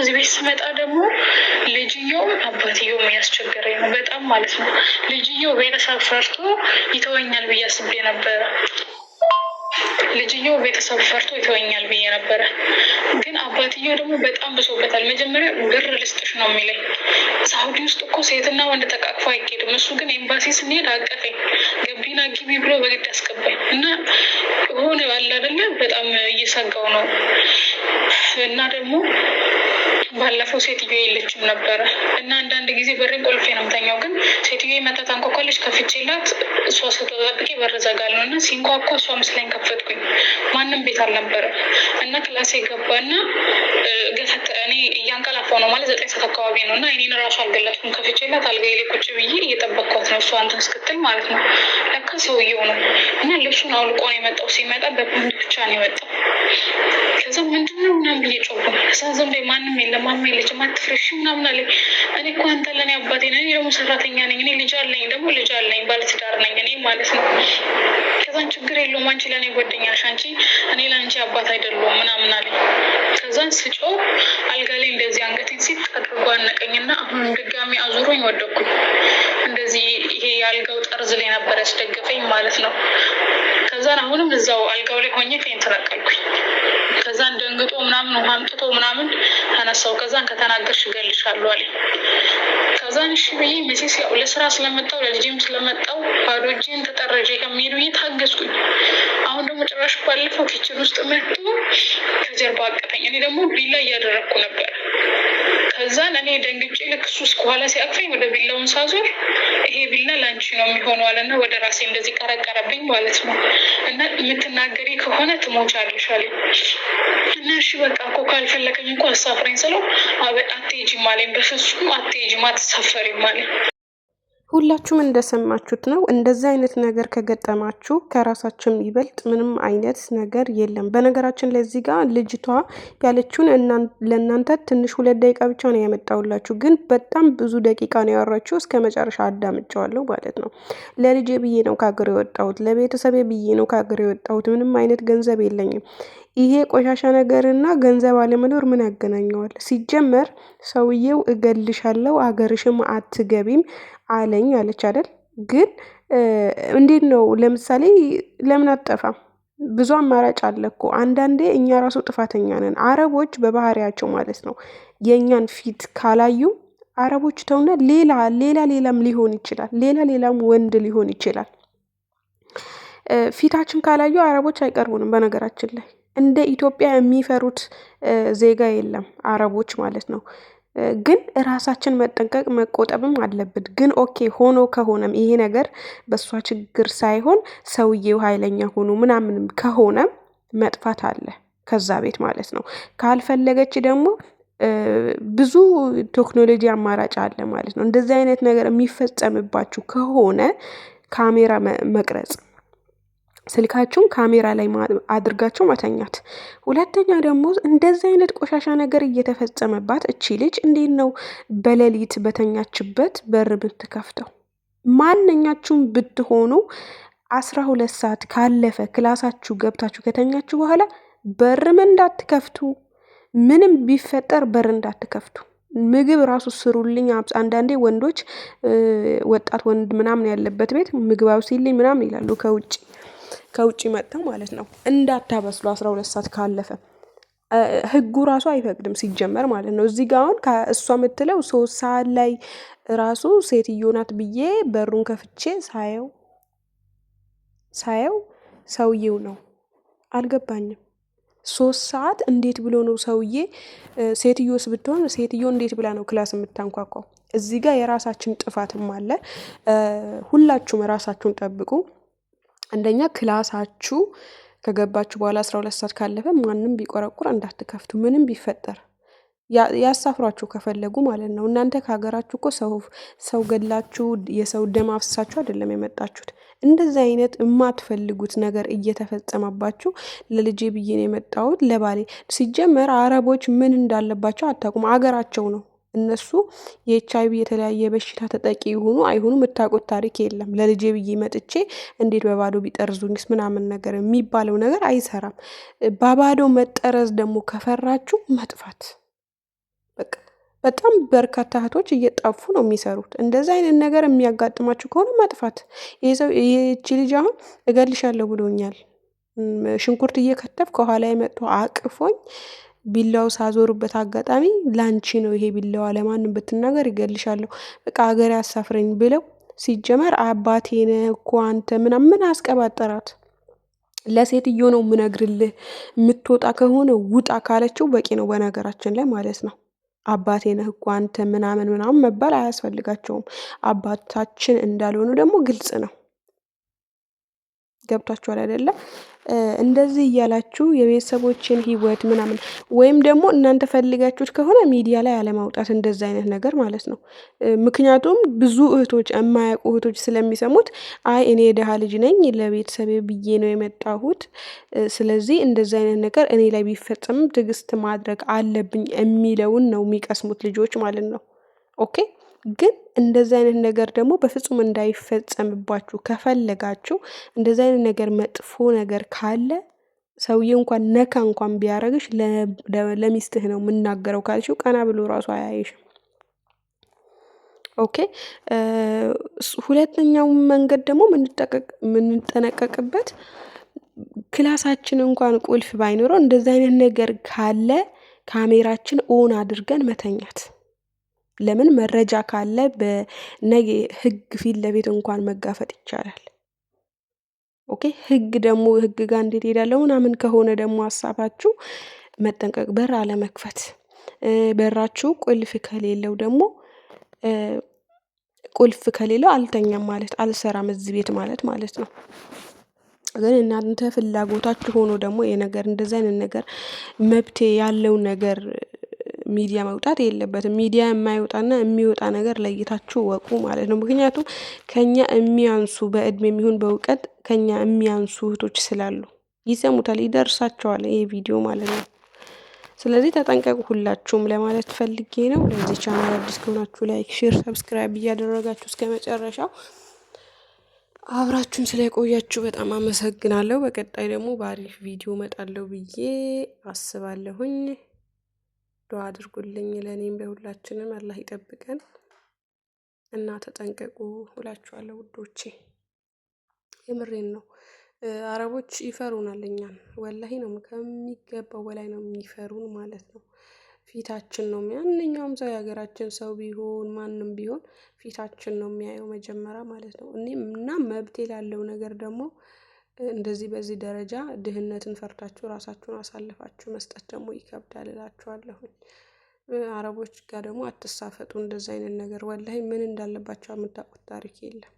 እዚህ ቤት ስመጣ ደግሞ ልጅየውም አባትየውም እያስቸገረኝ ነው በጣም ማለት ነው። ልጅየው ቤተሰብ ፈርቶ ይተወኛል ብዬ አስቤ ነበረ። ልጅየው ቤተሰብ ፈርቶ ይተወኛል ብዬ ነበረ አባትየው ደግሞ በጣም ብሶበታል። መጀመሪያ ብር ልስጥሽ ነው የሚለኝ። ሳውዲ ውስጥ እኮ ሴትና ወንድ ተቃቅፎ አይኬድም። እሱ ግን ኤምባሲ ስንሄድ አቀፈኝ፣ ገቢና ግቢ ብሎ በግድ አስገባኝ እና ሆነ ያለ አይደለ በጣም እየሰጋው ነው እና ደግሞ ባለፈው ሴትዮ የለችም ነበረ እና አንዳንድ ጊዜ በሬን ቆልፌ ነው የምተኛው። ግን ሴትዮ የመጣ ታንኳኳለች፣ ከፍቼላት እሷ ስተጠብቄ በር ዘጋለሁ እና ሲንኳኳ እሷ መስላኝ ከፈትኩኝ። ማንም ቤት አልነበረ እና ክላሴ ገባና እኔ እያንቀላፋው ነው ማለት ዘጠኝ ሰዓት አካባቢ ነው እና እኔን ራሱ አልገለጥኩም። ከፍቼላት አልጋ ላይ ቁጭ ብዬ እየጠበቅኳት ነው እሷ እንትን እስክትል ማለት ነው። ለካ ሰውየው ነው እና ልብሱን አውልቆ ነው የመጣው። ሲመጣ በፓንት ብቻ ነው ይመጣ ከዛ ነው ምናምን ብዬ ጮባ እዛ ዘንቤ ማንም የለም ማማ የለችም አትፍረሽ ምናምን አለ። እኔ እኮ አንተ ለኔ አባቴ ነህ፣ እኔ ደግሞ ሰራተኛ ነኝ፣ እኔ ልጅ አለኝ፣ ደግሞ ልጅ አለኝ፣ ባለትዳር ነኝ እኔ ማለት ነው። ከዛን ችግር የለውም አንቺ ለእኔ ጓደኛሽ፣ አንቺ እኔ ለአንቺ አባት አይደለሁም ምናምን አለ። ከዛን ስጮ አልጋ ላይ እንደዚህ አንገቴን ሲት አድርጎ አነቀኝና ድጋሚ አዙሮኝ ወደኩኝ። እንደዚህ ይሄ የአልጋው ጠርዝ ላይ ነበር ያስደገፈኝ ማለት ነው። ከዛን አሁንም እዛው አልጋው ላይ ሆኜ ተንቀላቀልኩኝ። ከዛን ደንግጦ ምናምን ውሃ አምጥቶ ምናምን ተነሳው። ከዛን ከተናገርሽ እገልሻለሁ አለኝ። ከዛን እሺ ብዬ መቼስ ያው ለስራ ስለመጣው ለልጅም ስለመጣው ባዶ እጄን ተጠረጀ ከሚሄድ ብዬ ታገዝኩኝ። አሁን ደግሞ ጭራሽ ባለፈው ኪችን ውስጥ መጥቶ ከጀርባ አቀፈኝ። እኔ ደግሞ ቢላ እያደረግኩ ነበር ከዛን እኔ ደንግጬ ልክ እሱ ከኋላ ሲያቅፈኝ ወደ ቢላውን ሳዞር ይሄ ቢላ ለአንቺ ነው የሚሆነው አለና ወደ ራሴ እንደዚህ ቀረቀረብኝ ማለት ነው። እና የምትናገሪ ከሆነ ትሞቻለሽ አለ እና እሺ በቃ እኮ ካልፈለገኝ እኮ አሳፍረኝ ስለው አትሄጂም አለኝ። በፍጹም አትሄጂም አትሳፈሪም አለኝ። ሁላችሁም እንደሰማችሁት ነው። እንደዚህ አይነት ነገር ከገጠማችሁ ከራሳችሁ የሚበልጥ ምንም አይነት ነገር የለም። በነገራችን ላይ እዚህ ጋር ልጅቷ ያለችውን ለእናንተ ትንሽ ሁለት ደቂቃ ብቻ ነው ያመጣውላችሁ ግን በጣም ብዙ ደቂቃ ነው ያወራችው። እስከ መጨረሻ አዳምጫዋለሁ ማለት ነው። ለልጄ ብዬ ነው ከሀገር የወጣሁት፣ ለቤተሰቤ ብዬ ነው ከሀገር የወጣሁት። ምንም አይነት ገንዘብ የለኝም። ይሄ ቆሻሻ ነገርና ገንዘብ አለመኖር ምን ያገናኘዋል? ሲጀመር ሰውየው እገልሻለው አገርሽም አትገቢም አለኝ አለች አይደል? ግን እንዴት ነው ለምሳሌ ለምን አጠፋ ብዙ አማራጭ አለ እኮ። አንዳንዴ እኛ ራሱ ጥፋተኛ ነን። አረቦች በባህሪያቸው ማለት ነው የእኛን ፊት ካላዩ አረቦች ተውና ሌላ ሌላ ሌላም ሊሆን ይችላል። ሌላ ሌላም ወንድ ሊሆን ይችላል። ፊታችን ካላዩ አረቦች አይቀርቡንም በነገራችን ላይ እንደ ኢትዮጵያ የሚፈሩት ዜጋ የለም አረቦች ማለት ነው። ግን ራሳችን መጠንቀቅ መቆጠብም አለብን። ግን ኦኬ ሆኖ ከሆነም ይሄ ነገር በእሷ ችግር ሳይሆን ሰውዬው ኃይለኛ ሆኖ ምናምንም ከሆነም መጥፋት አለ ከዛ ቤት ማለት ነው። ካልፈለገች ደግሞ ብዙ ቴክኖሎጂ አማራጭ አለ ማለት ነው። እንደዚህ አይነት ነገር የሚፈጸምባችሁ ከሆነ ካሜራ መቅረጽ ስልካችሁን ካሜራ ላይ አድርጋችሁ መተኛት። ሁለተኛ ደግሞ እንደዚህ አይነት ቆሻሻ ነገር እየተፈጸመባት እቺ ልጅ እንዴት ነው በሌሊት በተኛችበት በር ምትከፍተው? ማንኛችሁም ብትሆኑ አስራ ሁለት ሰዓት ካለፈ ክላሳችሁ ገብታችሁ ከተኛችሁ በኋላ በርም እንዳትከፍቱ፣ ምንም ቢፈጠር በር እንዳትከፍቱ። ምግብ ራሱ ስሩልኝ። አንዳንዴ ወንዶች ወጣት ወንድ ምናምን ያለበት ቤት ምግብ አብሲልኝ ምናምን ይላሉ ከውጭ ከውጭ መጥተው ማለት ነው እንዳታበስሉ አስራ ሁለት ሰዓት ካለፈ ህጉ ራሱ አይፈቅድም ሲጀመር ማለት ነው። እዚህ ጋ አሁን እሷ የምትለው ሶስት ሰዓት ላይ ራሱ ሴትዮ ናት ብዬ በሩን ከፍቼ ሳየው ሳየው ሰውዬው ነው። አልገባኝም። ሶስት ሰዓት እንዴት ብሎ ነው ሰውዬ ሴትዮስ ብትሆን ሴትዮ እንዴት ብላ ነው ክላስ የምታንኳኳው? እዚህ ጋር የራሳችን ጥፋትም አለ። ሁላችሁም ራሳችሁን ጠብቁ። አንደኛ ክላሳችሁ ከገባችሁ በኋላ አስራ ሁለት ሰዓት ካለፈ ማንም ቢቆረቁር እንዳትከፍቱ። ምንም ቢፈጠር ያሳፍሯችሁ ከፈለጉ ማለት ነው። እናንተ ከሀገራችሁ እኮ ሰው ሰው ገላችሁ የሰው ደም አፍሳችሁ አይደለም የመጣችሁት። እንደዚህ አይነት የማትፈልጉት ነገር እየተፈጸመባችሁ ለልጄ ብዬ ነው የመጣሁት ለባሌ። ሲጀመር አረቦች ምን እንዳለባቸው አታውቁም። አገራቸው ነው እነሱ የኤች ቪ የተለያየ በሽታ ተጠቂ ይሁኑ አይሁኑ የምታውቁት ታሪክ የለም። ለልጄ ብዬ መጥቼ እንዴት በባዶ ቢጠርዙኝስ ምናምን ነገር የሚባለው ነገር አይሰራም። በባዶ መጠረዝ ደግሞ ከፈራችሁ መጥፋት በቃ በጣም በርካታ እህቶች እየጠፉ ነው የሚሰሩት። እንደዚህ አይነት ነገር የሚያጋጥማችሁ ከሆነ መጥፋት። ይህቺ ልጅ አሁን እገልሻለሁ ብሎኛል። ሽንኩርት እየከተፍ ከኋላ የመጥቶ አቅፎኝ ቢላው ሳዞርበት አጋጣሚ ላንቺ ነው ይሄ ቢላዋ ለማንም ብትናገር ይገልሻለሁ፣ በቃ ሀገር ያሳፍረኝ ብለው ሲጀመር አባቴ ነህ እኮ አንተ ምናምን አስቀባጠራት አስቀባጠራት? ለሴትዮ ነው ምነግርልህ፣ የምትወጣ ከሆነ ውጣ ካለችው በቂ ነው። በነገራችን ላይ ማለት ነው አባቴ ነህ እኮ አንተ ምናምን ምናምን መባል አያስፈልጋቸውም። አባታችን እንዳልሆኑ ደግሞ ግልጽ ነው። ገብቷችኋል አይደለም? እንደዚህ እያላችሁ የቤተሰቦችን ህይወት ምናምን ወይም ደግሞ እናንተ ፈልጋችሁት ከሆነ ሚዲያ ላይ አለማውጣት እንደዚ አይነት ነገር ማለት ነው። ምክንያቱም ብዙ እህቶች የማያውቁ እህቶች ስለሚሰሙት አይ እኔ የደሃ ልጅ ነኝ ለቤተሰቤ ብዬ ነው የመጣሁት። ስለዚህ እንደዚ አይነት ነገር እኔ ላይ ቢፈጸምም ትዕግስት ማድረግ አለብኝ የሚለውን ነው የሚቀስሙት ልጆች ማለት ነው። ኦኬ ግን እንደዚህ አይነት ነገር ደግሞ በፍጹም እንዳይፈጸምባችሁ ከፈለጋችሁ እንደዚህ አይነት ነገር መጥፎ ነገር ካለ ሰውዬ እንኳን ነካ እንኳን ቢያደርግሽ ለሚስትህ ነው የምናገረው ካልሽው ቀና ብሎ ራሱ አያይሽም። ኦኬ። ሁለተኛው መንገድ ደግሞ የምንጠነቀቅበት ክላሳችን እንኳን ቁልፍ ባይኖረው እንደዚህ አይነት ነገር ካለ ካሜራችን ኦን አድርገን መተኛት ለምን መረጃ ካለ በነገ ህግ ፊት ለፊት እንኳን መጋፈጥ ይቻላል። ኦኬ ህግ ደግሞ ህግ ጋር እንዴት ሄዳለሁ ምናምን ከሆነ ደግሞ ሀሳባችሁ መጠንቀቅ፣ በር አለመክፈት፣ በራችሁ ቁልፍ ከሌለው ደግሞ ቁልፍ ከሌለው አልተኛም ማለት አልሰራም እዚህ ቤት ማለት ማለት ነው። ግን እናንተ ፍላጎታችሁ ሆኖ ደግሞ የነገር እንደዚህ አይነት ነገር መብቴ ያለው ነገር ሚዲያ መውጣት የለበትም። ሚዲያ የማይወጣና የሚወጣ ነገር ለይታችሁ ወቁ ማለት ነው። ምክንያቱም ከኛ የሚያንሱ በእድሜ የሚሆን በእውቀት ከኛ የሚያንሱ እህቶች ስላሉ ይሰሙታል፣ ይደርሳቸዋል ይሄ ቪዲዮ ማለት ነው። ስለዚህ ተጠንቀቁ ሁላችሁም ለማለት ፈልጌ ነው። ለዚህ ቻናል አዲስ ከሆናችሁ ላይክ፣ ሼር፣ ሰብስክራይብ እያደረጋችሁ እስከ መጨረሻው አብራችሁን ስለቆያችሁ በጣም አመሰግናለሁ። በቀጣይ ደግሞ በአሪፍ ቪዲዮ መጣለሁ ብዬ አስባለሁኝ። ዱዓ አድርጉልኝ ለእኔም ለሁላችንም አላህ ይጠብቀን እና ተጠንቀቁ እላችኋለሁ ውዶቼ። የምሬን ነው። አረቦች ይፈሩናል እኛን ወላሂ ነው ከሚገባው በላይ ነው የሚፈሩን ማለት ነው። ፊታችን ነው ማንኛውም ሰው የሀገራችን ሰው ቢሆን ማንም ቢሆን ፊታችን ነው የሚያየው መጀመሪያ ማለት ነው። እኔ እና መብት ላለው ነገር ደግሞ እንደዚህ በዚህ ደረጃ ድህነትን ፈርታችሁ ራሳችሁን አሳልፋችሁ መስጠት ደግሞ ይከብዳል እላችኋለሁኝ። አረቦች ጋር ደግሞ አትሳፈጡ። እንደዚ አይነት ነገር ወላይ ምን እንዳለባቸው የምታውቁት ታሪክ የለም።